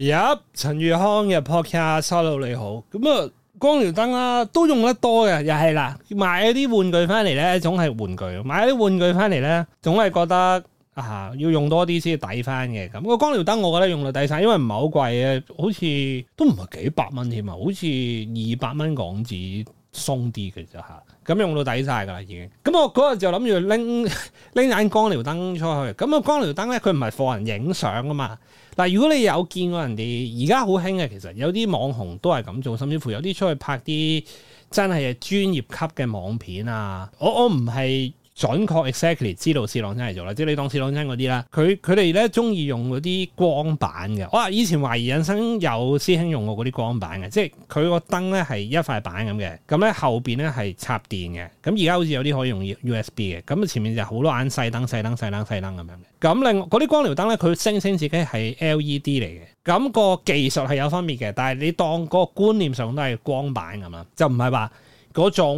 有陳玉康嘅 Podcast，Hello 你好，咁、嗯、啊光療燈啦，都用得多嘅，又係啦，買咗啲玩具翻嚟咧，總係玩具，買咗啲玩具翻嚟咧，總係覺得啊要用多啲先抵翻嘅，咁、嗯、個光療燈我覺得用到抵晒，因為唔係好貴嘅，好似都唔係幾百蚊添啊，好似二百蚊港紙。鬆啲嘅就吓，咁用到底晒噶啦，已經。咁我嗰日就諗住拎拎盞光療燈出去，咁個光療燈咧，佢唔係幫人影相啊嘛。嗱，如果你有見過人哋，而家好興嘅，其實有啲網紅都係咁做，甚至乎有啲出去拍啲真係專業級嘅網片啊。我我唔係。準確 exactly 知道師朗真係做啦，即係你當師朗真嗰啲啦。佢佢哋咧中意用嗰啲光板嘅。我話以前懷疑人生有師兄用過嗰啲光板嘅，即係佢個燈咧係一塊板咁嘅。咁咧後邊咧係插電嘅。咁而家好似有啲可以用 USB 嘅。咁前面就好多眼細燈、細燈、細燈、細燈咁樣嘅。咁另外嗰啲光療燈咧，佢聲稱自己係 LED 嚟嘅。咁個技術係有分別嘅，但係你當嗰個觀念上都係光板咁樣，就唔係話。嗰種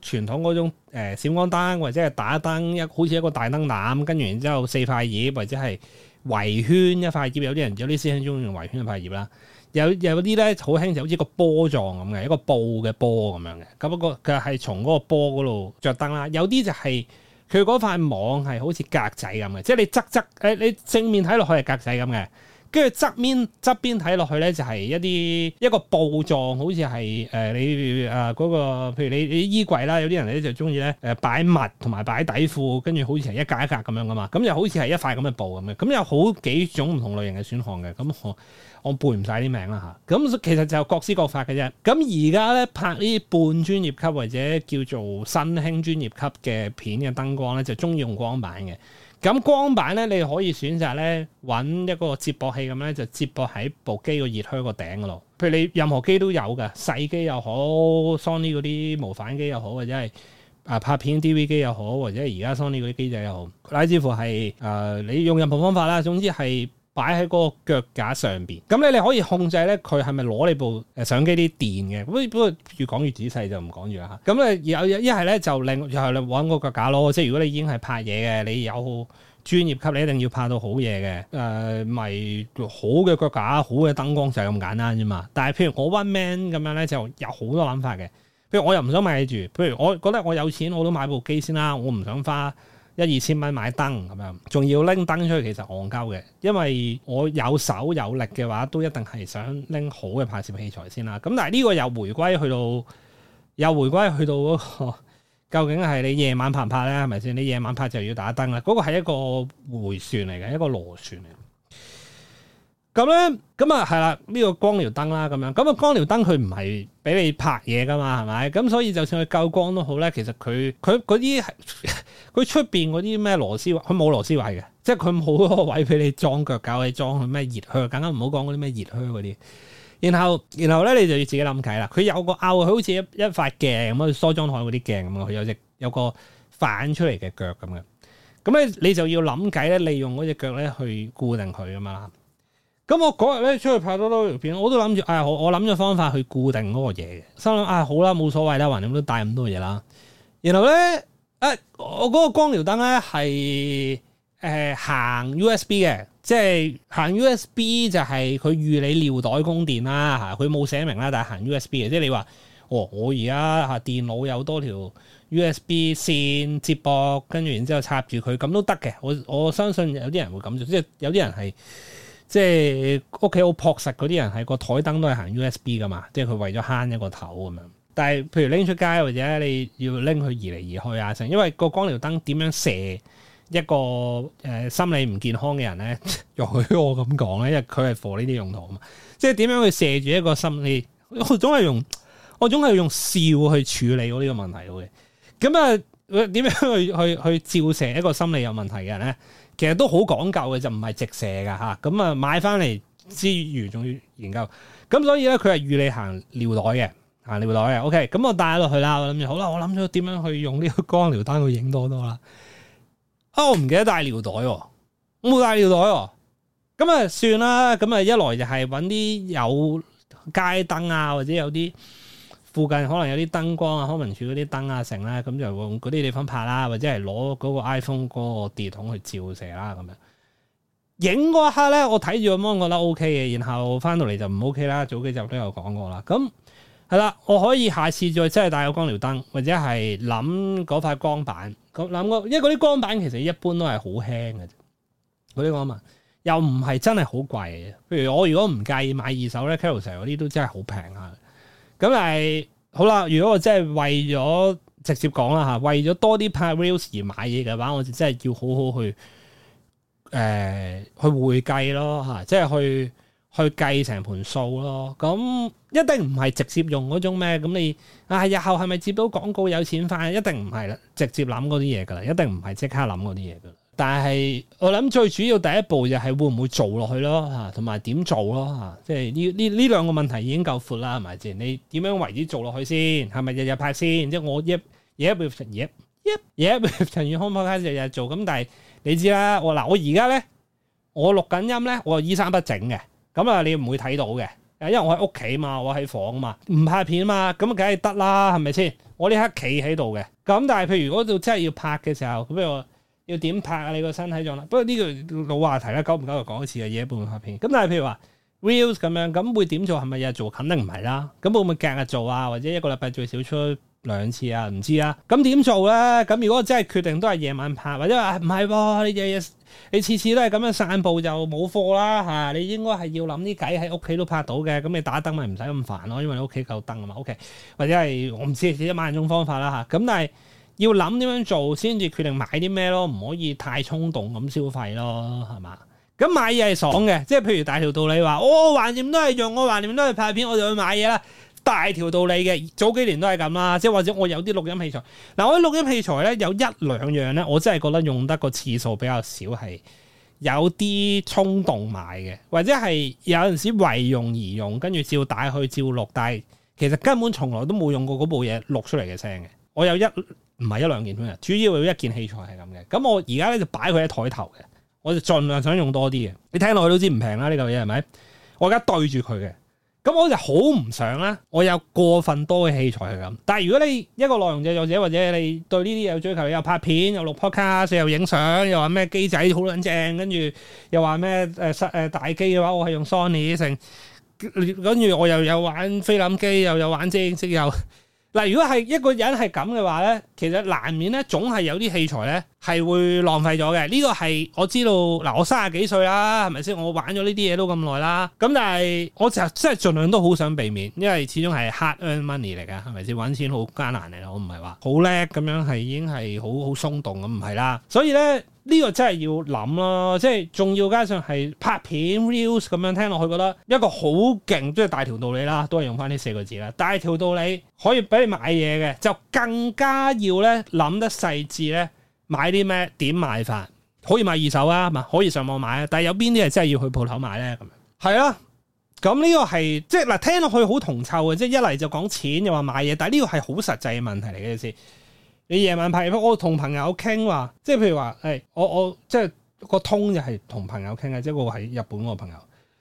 傳統嗰種閃光燈，或者係打燈一，好似一個大燈膽，跟住之後四塊葉，或者係圍圈一塊葉。有啲人有啲師兄中意用圍圈一塊葉啦。有有啲咧好興就好似個波狀咁嘅，一個布嘅波咁樣嘅。咁不過佢係從嗰個波嗰度着燈啦。有啲就係佢嗰塊網係好似格仔咁嘅，即係你側側誒你正面睇落去係格仔咁嘅。跟住側面側邊睇落去咧，就係一啲一個布狀，好似係誒你誒嗰個，譬如你你衣櫃啦，有啲人咧就中意咧誒擺襪同埋擺底褲，跟住好似係一格一格咁樣噶嘛，咁又好似係一塊咁嘅布咁嘅，咁有好幾種唔同類型嘅選項嘅，咁我我背唔晒啲名啦嚇，咁其實就各施各法嘅啫。咁而家咧拍呢半專業級或者叫做新興專業級嘅片嘅燈光咧，就中意用光板嘅。咁光板咧，你可以選擇咧揾一個接駁器咁咧，就接駁喺部機個熱靴個頂度。譬如你任何機都有㗎，細機又好，Sony 嗰啲無反機又好，或者係啊拍片 DV 機又好，或者而家 Sony 嗰啲機仔又好，乃至乎係誒、呃、你用任何方法啦，總之係。擺喺個腳架上邊，咁咧你可以控制咧，佢係咪攞你部誒相機啲電嘅？咁不過越講越仔細就唔講住啦吓。咁咧有一係咧就另就係你揾個腳架咯。即係如果你已經係拍嘢嘅，你有專業級，你一定要拍到好嘢嘅。誒、呃，咪、就係，好嘅腳架，好嘅燈光就咁簡單啫嘛。但係譬如我 one man 咁樣咧，就有好多諗法嘅。譬如我又唔想買住，譬如我覺得我有錢我，我都買部機先啦。我唔想花。一二千蚊買燈咁樣，仲要拎燈出去，其實戇鳩嘅。因為我有手有力嘅話，都一定係想拎好嘅拍攝器材先啦。咁但係呢個又回歸去到，又回歸去到嗰個究竟係你夜晚拍唔拍咧？係咪先？你夜晚拍就要打燈啦。嗰個係一個迴旋嚟嘅，一個螺旋嚟。咁咧，咁啊係啦，呢、嗯呢個光療燈啦，咁樣咁啊光療燈佢唔係俾你拍嘢噶嘛，係咪？咁所以就算佢夠光都好咧，其實佢佢嗰啲係佢出邊嗰啲咩螺絲，佢冇螺絲位嘅，即係佢冇嗰個位俾你裝腳架，你裝咩熱靴，更加唔好講嗰啲咩熱靴嗰啲。然後然後咧，你就要自己諗計啦。佢有個拗，佢好似一一塊鏡咁啊，梳妝台嗰啲鏡咁，佢有只有個反出嚟嘅腳咁嘅。咁咧你就要諗計咧，利用嗰隻腳咧去固定佢啊嘛。咁我嗰日咧出去拍多多條片，我都諗住，哎，我我諗咗方法去固定嗰個嘢嘅，心諗，哎，好啦，冇所謂啦，橫掂都帶咁多嘢啦。然後咧，誒，我嗰個光療燈咧係誒行 USB 嘅，即係行 USB 就係佢預你尿袋供電啦，吓，佢冇寫明啦，但係行 USB 嘅，即係你話，哦，我而家吓電腦有多條 USB 線接駁，跟住然之後插住佢，咁都得嘅。我我相信有啲人會咁做，即係有啲人係。即係屋企好樸實嗰啲人，係個枱燈都係行 USB 㗎嘛，即係佢為咗慳一個頭咁樣。但係譬如拎出街或者你要拎佢移嚟移去啊，成因為個光療燈點樣射一個誒、呃、心理唔健康嘅人咧？容許我咁講咧，因為佢係 for 呢啲用途啊嘛。即係點樣去射住一個心理？我總係用我總係用，用笑去處理呢個問題好嘅。咁啊～點樣去去去照射一個心理有問題嘅人咧？其實都好講究嘅，就唔係直射嘅吓。咁啊，買翻嚟之餘仲要研究。咁所以咧，佢係預你行尿袋嘅，行尿袋嘅。OK，咁我帶咗落去啦。我諗住好啦，我諗咗點樣去用呢個光療燈去影多多啦。哦、啊，我唔記得帶尿袋，冇帶尿袋。咁啊，算啦。咁啊，一來就係揾啲有街燈啊，或者有啲。附近可能有啲燈光啊，康文署嗰啲燈啊，成啦。咁就用嗰啲地方拍啦，或者係攞嗰個 iPhone 嗰個電筒去照射啦，咁樣影嗰一刻咧，我睇住個 mon 覺得 O K 嘅，然後翻到嚟就唔 O K 啦。早幾集都有講過啦，咁係啦，我可以下次再真係帶個光療燈，或者係諗嗰塊光板，咁諗過，因為嗰啲光板其實一般都係好輕嘅啫。啲光板啊嘛，又唔係真係好貴嘅。譬如我如果唔介意買二手咧 Carousell 嗰啲都真係好平啊。咁係好啦，如果我真係為咗直接講啦吓，為咗多啲派 reels 而買嘢嘅話，我就真係要好好去誒、呃、去會計咯吓，即係去去計成盤數咯。咁、啊、一定唔係直接用嗰種咩？咁你啊，日後係咪接到廣告有錢翻？一定唔係啦，直接諗嗰啲嘢噶啦，一定唔係即刻諗嗰啲嘢噶啦。但係我諗最主要第一步就係會唔會做落去咯，吓，同埋點做咯，吓，即係呢呢呢兩個問題已經夠闊啦，係咪先？你點樣為止做落去先？係咪日日拍先？即係我一一日一成日，一日一日成日空開街日日做。咁但係你知啦，我嗱我而家咧，我錄緊音咧，我衣衫不整嘅，咁啊你唔會睇到嘅，因為我喺屋企嘛，我喺房啊嘛，唔拍片啊嘛，咁梗係得啦，係咪先？我呢刻企喺度嘅，咁但係譬如嗰度真係要拍嘅時候，比如我。要點拍啊？你個身體狀態，不過呢個老話題啦，久唔久就講一次嘅嘢。半拍片。咁但係譬如話 Reels 咁樣，咁會點做？係咪日日做？肯定唔係啦。咁會唔會隔日做啊？或者一個禮拜最少出兩次啊？唔知啊。咁點做咧？咁如果真係決定都係夜晚拍，或者話唔係喎，你日日你次次都係咁樣散步就冇貨啦嚇、啊。你應該係要諗啲計喺屋企都拍到嘅。咁你打燈咪唔使咁煩咯，因為你屋企夠燈啊嘛。OK，或者係我唔知，寫萬種方法啦嚇。咁、啊、但係。要諗點樣做先至決定買啲咩咯，唔可以太衝動咁消費咯，係嘛？咁買嘢係爽嘅，即係譬如大條道理話，我橫掂都係用，我橫掂都係拍片，我就去買嘢啦。大條道理嘅，早幾年都係咁啦。即係或者我有啲錄音器材，嗱，我啲錄音器材咧有一兩樣咧，我真係覺得用得個次數比較少，係有啲衝動買嘅，或者係有陣時為用而用，跟住照帶去照錄，但係其實根本從來都冇用過嗰部嘢錄出嚟嘅聲嘅，我有一。唔係一兩件嘅，主要有一件器材係咁嘅。咁我而家咧就擺佢喺枱頭嘅，我就盡量想用多啲嘅。你聽落去都知唔平啦，呢嚿嘢係咪？我而家對住佢嘅，咁我就好唔想啦。我有過分多嘅器材係咁。但係如果你一個內容製作者或者你對呢啲有追求，又拍片又錄 Podcast 又影相又話咩機仔好撚正，跟住又話咩誒誒大機嘅話，我係用 Sony 成，跟住我又有玩菲林機，又有玩正式又。嗱，如果係一個人係咁嘅話咧，其實難免咧，總係有啲器材咧係會浪費咗嘅。呢個係我知道，嗱，我三十幾歲啦，係咪先？我玩咗呢啲嘢都咁耐啦，咁但係我就真係盡量都好想避免，因為始終係 hard earn money 嚟噶，係咪先？搵錢好艱難嚟，我唔係話好叻咁樣，係已經係好好鬆動咁唔係啦，所以咧。呢個真係要諗囉，即係仲要加上係拍片 reels 咁樣聽落去，覺得一個好勁，都係大條道理啦，都係用翻呢四個字啦。大條道理可以俾你買嘢嘅，就更加要咧諗得細緻咧，買啲咩點買法？可以買二手啊嘛，可以上網買，買啊。但係有邊啲係真係要去鋪頭買咧？咁樣係啦。咁呢個係即係嗱，聽落去好銅臭嘅，即係一嚟就講錢又話買嘢，但係呢個係好實際嘅問題嚟嘅意思。你夜晚拍，我同朋友傾話，即係譬如話，誒、哎，我我即係個通就係同朋友傾嘅，即係我喺日本個朋友，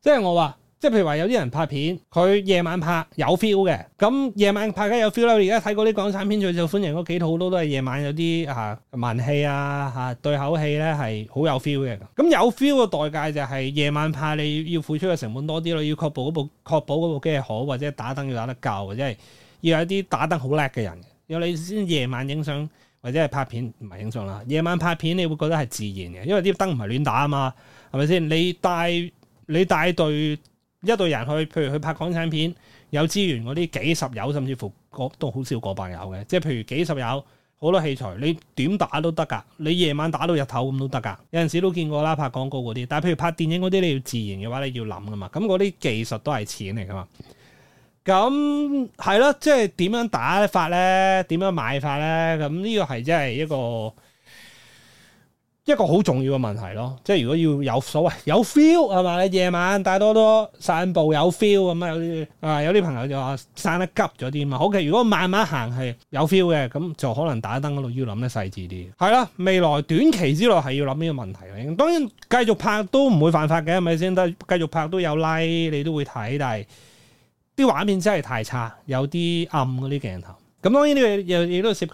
即係我話，即係譬如話有啲人拍片，佢夜晚拍有 feel 嘅，咁夜晚拍梗有 feel 啦。而家睇過啲港產片最受歡迎嗰幾套，好多都係夜晚有啲嚇文戲啊嚇、啊啊、對口戲咧，係好有 feel 嘅。咁有 feel 嘅代價就係、是、夜晚拍你要付出嘅成本多啲咯，要確保嗰部確保嗰部機係好，或者打燈要打得夠，或者係要有啲打燈好叻嘅人。有你先夜晚影相或者係拍片，唔係影相啦，夜晚拍片你會覺得係自然嘅，因為啲燈唔係亂打啊嘛，係咪先？你帶你帶一隊一隊人去，譬如去拍港產片，有資源嗰啲幾十有，甚至乎都好少過百有嘅，即係譬如幾十有好多器材，你點打都得㗎，你夜晚打到日頭咁都得㗎。有陣時都見過啦，拍廣告嗰啲，但係譬如拍電影嗰啲，你要自然嘅話，你要諗㗎嘛。咁嗰啲技術都係錢嚟㗎嘛。咁係咯，即係點樣打法咧？點樣買法咧？咁呢個係真係一個一個好重要嘅問題咯。即係如果要有所謂有 feel 係嘛，你夜晚大多都散步有 feel 咁、嗯、啊，有啲、呃、有啲朋友就話散得急咗啲嘛。好嘅，如果慢慢行係有 feel 嘅，咁就可能打燈嗰度要諗得細緻啲。係啦，未來短期之內係要諗呢個問題嘅。當然繼續拍都唔會犯法嘅，係咪先？得繼續拍都有 like，你都會睇，但係。啲畫面真係太差，有啲暗嗰啲鏡頭。咁當然呢個又亦都涉及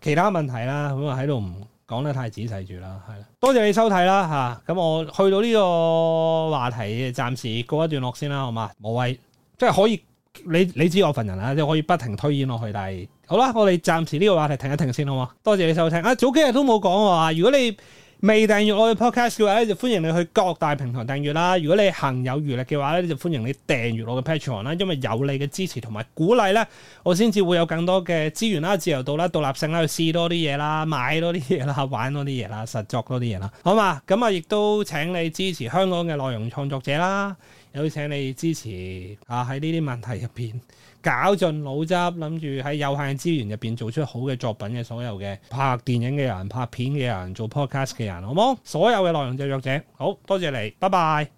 其他問題啦。咁我喺度唔講得太仔細住啦，係啦。多謝你收睇啦，嚇、啊！咁我去到呢個話題，暫時告一段落先啦，好嘛？無謂即係、就是、可以，你你知我份人啦，即係可以不停推演落去。但係好啦，我哋暫時呢個話題停一停先好嘛。多謝你收聽。啊，早幾日都冇講喎，如果你～未訂閱我嘅 podcast 嘅話咧，就歡迎你去各大平台訂閱啦。如果你行有餘力嘅話咧，就歡迎你訂閱我嘅 Patreon 啦。因為有你嘅支持同埋鼓勵咧，我先至會有更多嘅資源啦、自由度啦、獨立性啦，去試多啲嘢啦、買多啲嘢啦、玩多啲嘢啦、實作多啲嘢啦。好嘛？咁啊，亦都請你支持香港嘅內容創作者啦。有請你支持啊！喺呢啲問題入邊，絞盡腦汁，諗住喺有限資源入邊做出好嘅作品嘅所有嘅拍電影嘅人、拍片嘅人、做 podcast 嘅人，好冇？所有嘅內容就約者，好多謝你，拜拜。